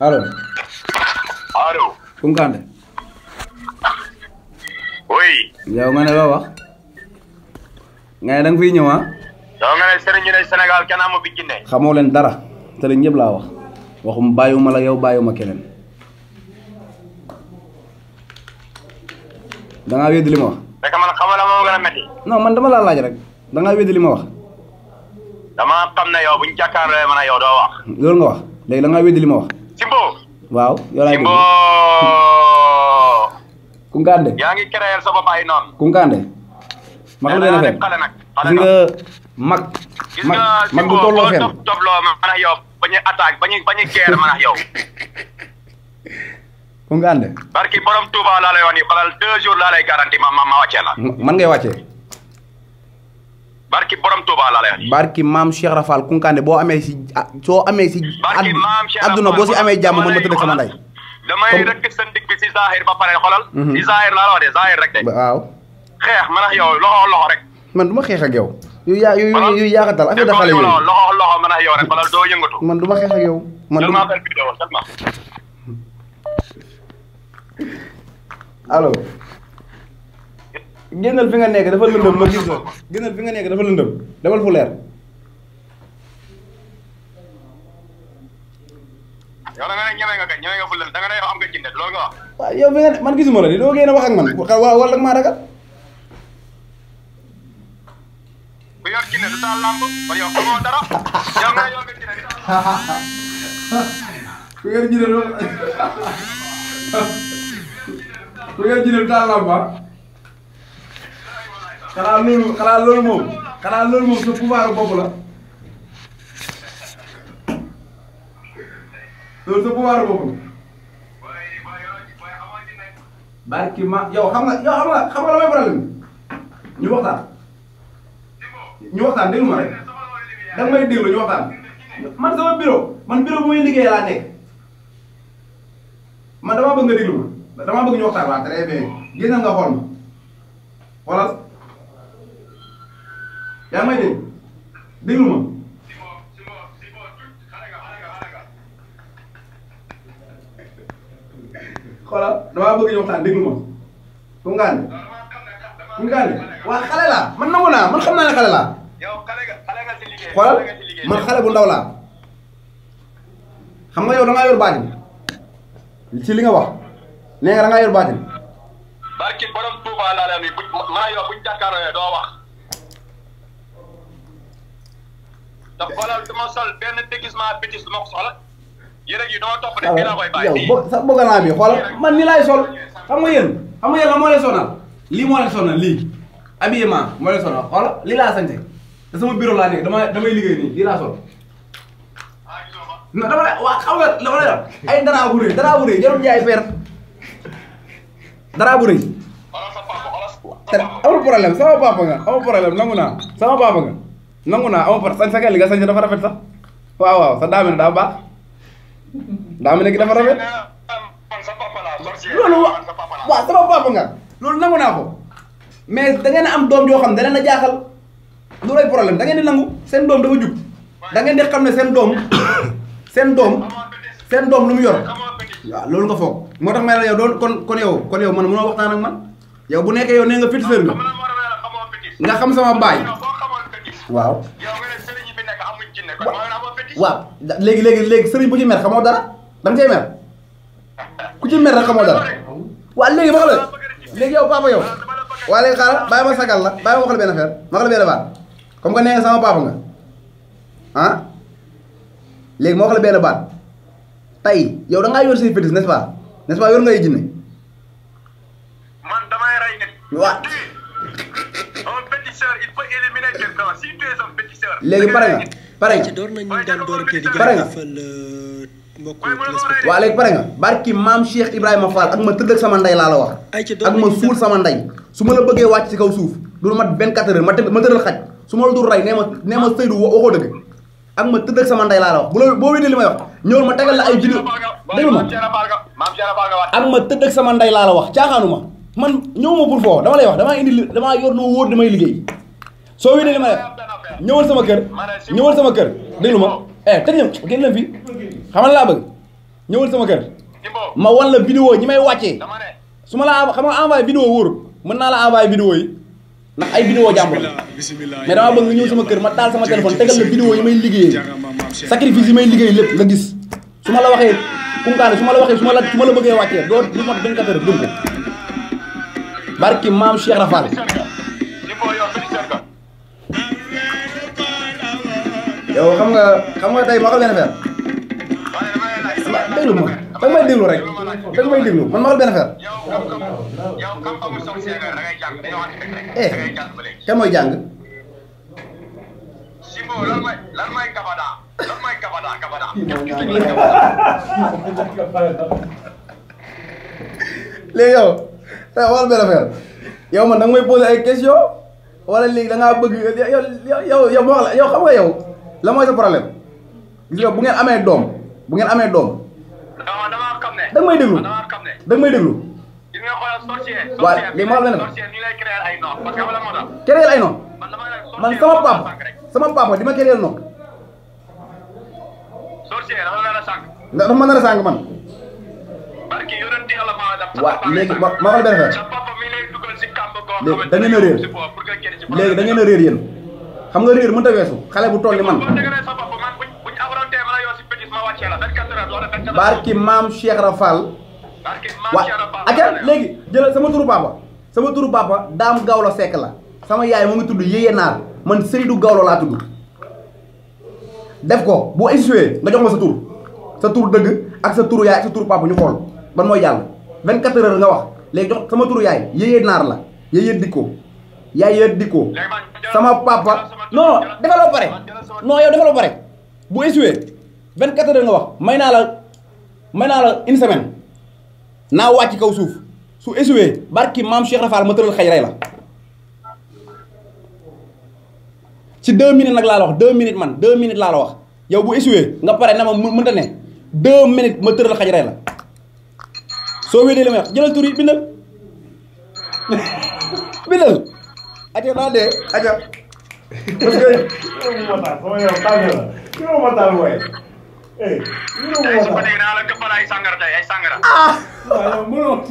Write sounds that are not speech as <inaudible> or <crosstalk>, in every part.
allo. allo. Kounkandé. oui. yow nga ne loo wax. nga ne da nga fiy ñëw ah. yow nga ne sëriñ ñu kenn amu fi jinne. xamoo leen dara te leen ñëpp laa wax waxum bàyyiwuma la yow bàyyiwuma keneen. da ngaa ma wax. fekk man xamal la moo gën a métti. non man dama laa laaj rek da ngaa li ma wax. dama xam ne yow bu ñu jàkkaarloo mën a yow wax. loolu nga wax léegi da ngaa ma wax. Simbo wow yow laay Simbo <laughs> kunkande Yang ngi créer sa bopp ay noon kunkande mag la def xale nag xale nga mag mag mag bu tolloo fenn top lo mana nak yow bañu attaque bañu bañu guerre ma nak yow <laughs> kunkande barki borom touba la lay 2 jours la lay garantie ma ma man ngay wacce barki borom Touba maam Cheikh Rafal Kunkande boo amee si soo amee si. barki maam Cheikh boo si amee jàmm mën ma tëdd sama ndey. damay rëkk ba pare xolal. Mhm. si Zahir laa la wax de Zahir rek de. waaw. xeex man ak yow loxo loxo rek. man du ma xeex ak yow. man ak ma xeex ak yow. man du ma génnal fi nga nekk dafa lëndëm ma gis la génnal fi nga nekk dafa lëndëm demal fu leer. yow da nga ne ñeme nga kañ ñëwé nga fu leer da nga ne yow am nga ci net lo nga wax. yow bi nga man gisuma la di do gëna wax ak man waaw wala ma ragal. bu yor ci net du lamb ba yow xamoo dara yow nga yow nga ci net. ku yor ci net ah. ku yor ci net du taal ah. xanaa loolu xanaa loolu moom xanaa loolu moom sa pouvoir bopp la loolu sa pouvoir ma yow xam nga yow xam nga xam nga la may problème ñu waxtaan ñu waxtaan déglu ma rek danga may déglu ñu waxtaan man man bureau bu may liggéeyee laa nekk damaa bëgg nga déglu damaa bëgg ñu waxtaan waa très bien génn nga xool yaa may dégg déglu ma xoolal damaa bëgg ñu waxtaan déglu ma bu ngaane bu ngaane waa xale laa man nangu naa man xam naa ne xale laa xoolal man xale bu ndaw laa nga yow da ngaa baatin ci li nga wax baatin wax ndax xoolal du ma sol benn déguisement bétis du ma ko ah, bi xoolal man ni laay sol xam nga yéen xam nga yéen la moo leen sonal lii moo leen sonal lii habillement moo leen lii laa sant te sama bureau laa dama damay liggéey nii lii laa sol. Ah, non la waa xam nga ay dara bu rëy dara bu rëy jarul jaay fer dara bu rëy. te amul sama papa nga amul problème nangu naa sama papa nga. nanguna naa par san sa ga san sañ dafa rafet sax waaw waaw sa daamine daa baax daamine gi dafa rafet. loolu wa sa papa papa nga loolu nanguna ko mais da ngay a am dom jo xam da na jaxal jaaxal lu lay problème da ngeen di nangu seen doom dafa jub da ngay di xam ne seen doom <coughs> seen doom seen doom lu mu yor wa ya, loolu nga fokk motax may la yow don kon kon yow kon yow man mënoo waxtan ak man yow bu nekk yow ne nga féticheur nga xam sama baay. waaw. yow léegi léegi léegi sëriñ bu ci mer xamoo dara da nga cay mer ku ci mer rek xamoo dara waaw léegi ma xamal léegi yow papa yow waaw léegi xaaral bàyyi ma sagal la bàyyi ma wax la benn affaire ma wax baat comme que nee nga sama papa nga ah léegi ma wax la baat tey yow da ngaa yor say fétiche n'est-ce pas ngay jinne. man léegi pare nga pare nga pare nga waa léegi pare nga barki maam Cheikh Ibrahima Fall ak ma tëdd ak sama ndey laa la wax ak ma suul sama ndey su ma la bëggee wàcc ci kaw suuf du mat 24 heures ma tëdd ma tëddal xaj su ma la dul rey nee ma nee ma Seydou ak ma tëdd ak sama ndey laa la wax bu la boo wédee li may wax ñëwul ma tegal la ay junni déglu ma ak ma tëdd ak sama ndey laa la wax caaxaanu ma man ñëwuma pour foo dama lay wax damaa indi damaa yor lu wóor damay liggéey soo wéy li ma def ñëwal sama kër ñëwal sama kër déglu ma eh tëj leen génn leen fii xamal laa bëgg ñëwal sama kër ma wan la vidéo ñi may wàccee su ma la xam nga envoyé vidéo wóorul mën naa la envoyé vidéo yi ndax ay vidéo jàmbur mais dama bëgg nga ñëw sama kër ma taal sama téléphone tegal la vidéo yi may liggéeyee sacrifice yi may liggéey lépp nga gis su ma la waxee kunkaane su ma la waxee su ma la su ma la bëggee wàccee doo du mot 24 heures dund ko barki maam Cheikh yow xam nga xam nga tey ma xam benn affaire déglu ma da may déglu rek da may déglu man ma xam benn affaire eh te mooy jàng lan may lan may kabada lan may kabada kabada léegi yow tey waxal benn affaire yow man da nga may posé ay question wala léegi da ngaa bëgg yow yow yow yow yow la mooy sa problème gis nga bu amee doom bu ngeen amee doom. non damaa xam ne. da nga may déglu da may déglu. gis nga xoolal sorcier. sorcier bi nga ay noon parce man sama papa sama papa di ma créer noon. sorcier dafa nar a sànq. nga dafa ma nar a sànq man. barki yonent Yàlla léegi ma la réer léegi xam nga réer mën ta weesu xale bu tolli man barki mam Cheikh Rafal wa aca léegi jëlal sama turu papa sama turu papa dam gawlo sekk la sama yaay mo ngi tuddu yeye nar man Seydou gawlo la tuddu def ko bo essué nga jox ma sa tour sa tour deug ak sa tour yaay sa tour papa ñu xol ban moy jàll 24 heures nga wax léegi jox sama tour yaay yeye nar la yeye diko yaay yeye diko sama papa non defal ba pare non yow defal ba pare bu essuwee vingt quatre nga wax may naa la may naa la une semaine naa wàcc kaw suuf su essuwee barki maam Cheikh Rafal ma tëral xaj rey la ci deux minutes nag laa la wax deux minutes man deux minutes laa wax yow bu essuwee nga pare na ma mënta ne deux minutes ma tëral xaj rey la soo wéetee li may wax jëlal tur bindal <laughs> bindal parce que yow mu mottal sama yow tànn la yow mottal mooy. eh yow mu mottal ay sangara tey ay sangara. waaw mënoo.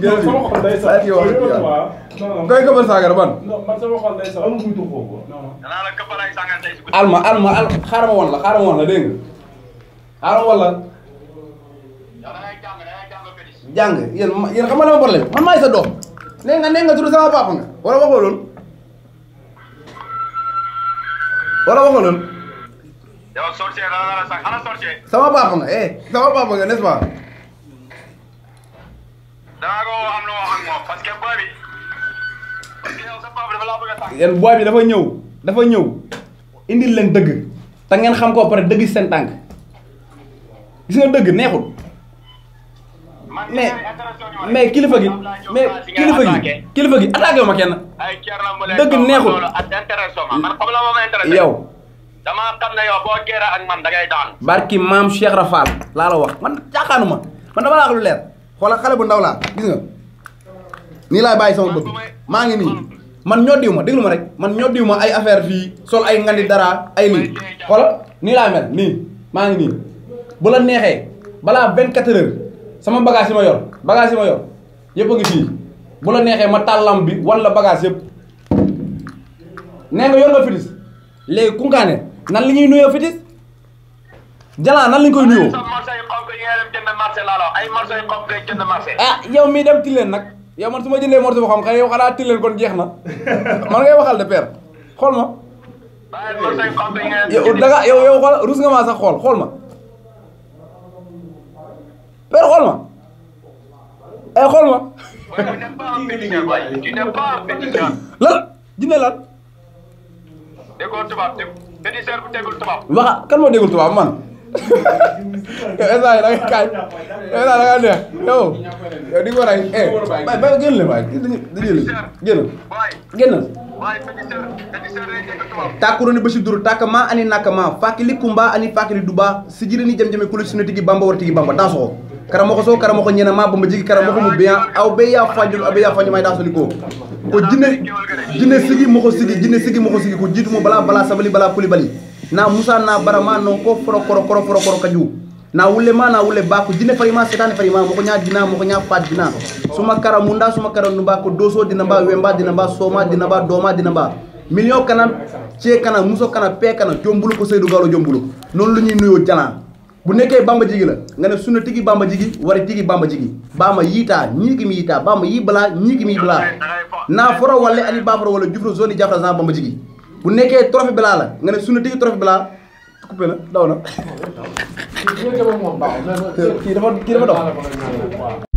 jërëjëf sama xol day sax ngay këppal sangara ban. non man sama xol day sax amul buy tuux foofu. danaa la këppal ay sangara tey. alma alma al xaaral ma woon la xaaral ma woon la dégg nga. xaaral ma woon la. jàng yéen yéen xam nga la ma problème man maay sa doom. nee nga nee nga tudd sama papa nga wala waxoo loolu. wala waxo lool yow sorcier da la sax ana sorcier sama papa nga eh sama papa nga n'est-ce pas da ko am lo wax ak mom parce que boy bi yeen boy bi dafa ñew dafa ñew indil leen deug ta ngeen xam ko pare deug sen tank gis nga deug neexul mais mais kilifa gi mais kilifa gi kilifa gi attaqué ma kenn dëgg neexul yow dama xam yow boo géré ak man da ngay barki maam cheikh rafal laa la wax man caaxaanuma man dama la wax lu leer xoolal xale bu ndaw laa gis nga nii laay bàyyi sama bëgg maa ngi nii man ñoddiw ma rek man ñoddiw ay affaire fii sol ay ngandi dara ay lii xoolal nii laa mel nii maa ngi nii bu la neexee balaa 24 heures sama bagage yi ma yor bagage yi ma yor yëpp a ngi fii bu la neexee ma tàllam bi wala bagage yëpp nee nga yor nga fitis léegi kunkaane nan li ñuy nuyoo fitis jalaa nan lañ koy nuyoo ah yow mii dem tilleen nag yow man su ma jëndee morso boo xam xëy yow xanaa tilleen kon jeex na man ngay waxal de père xool ma yow da nga yow xool rus nga maa sax xool xool ma père xool ma ay eh, xool ma. lan dina lan. déggoo tubaab dégg bu déggul tubaab. waxa kan moo tubaab man. <laughs> yow instant yii da nga kaay yow da nga neex yow di ko war a eh ba ba génn leen waay génn génn génn. takuroni basidur takama ani nakama fakili kumba ani fakili duba sijiri ni jamjame kulu sunatigi bamba wartigi bamba dasoxo karamoko so karamoko ñenama bamba jigi karamoko mo beyan aw be ya fanjum abe ya fanjum ay da soni ko ko jinne jinne sigi moko sigi jinne sigi moko sigi ko jiitu mo bala bala sabali bala kulibali na musa na barama non ko foro koro koro kaju na wulle ma na wulle ba ko jinne farima setane farima moko nya dina moko nya pat dina suma karamunda suma karandu ba ko doso dina ba wemba dina ba soma dina ba doma dina ba bu nekkee bamba jigi la nga ne suna tigi bamba jigi wari tigi bamba jigi bama yiita ñii ki mi yiita bama yii balaa ñii ki mi balaa naa foro walla ani baforo walla jufro zone yi jafra zan bamba jigi bu nekkee trophée balaa la nga ne suna tigi trophée balaa na daw na kii dafa kii dafa daw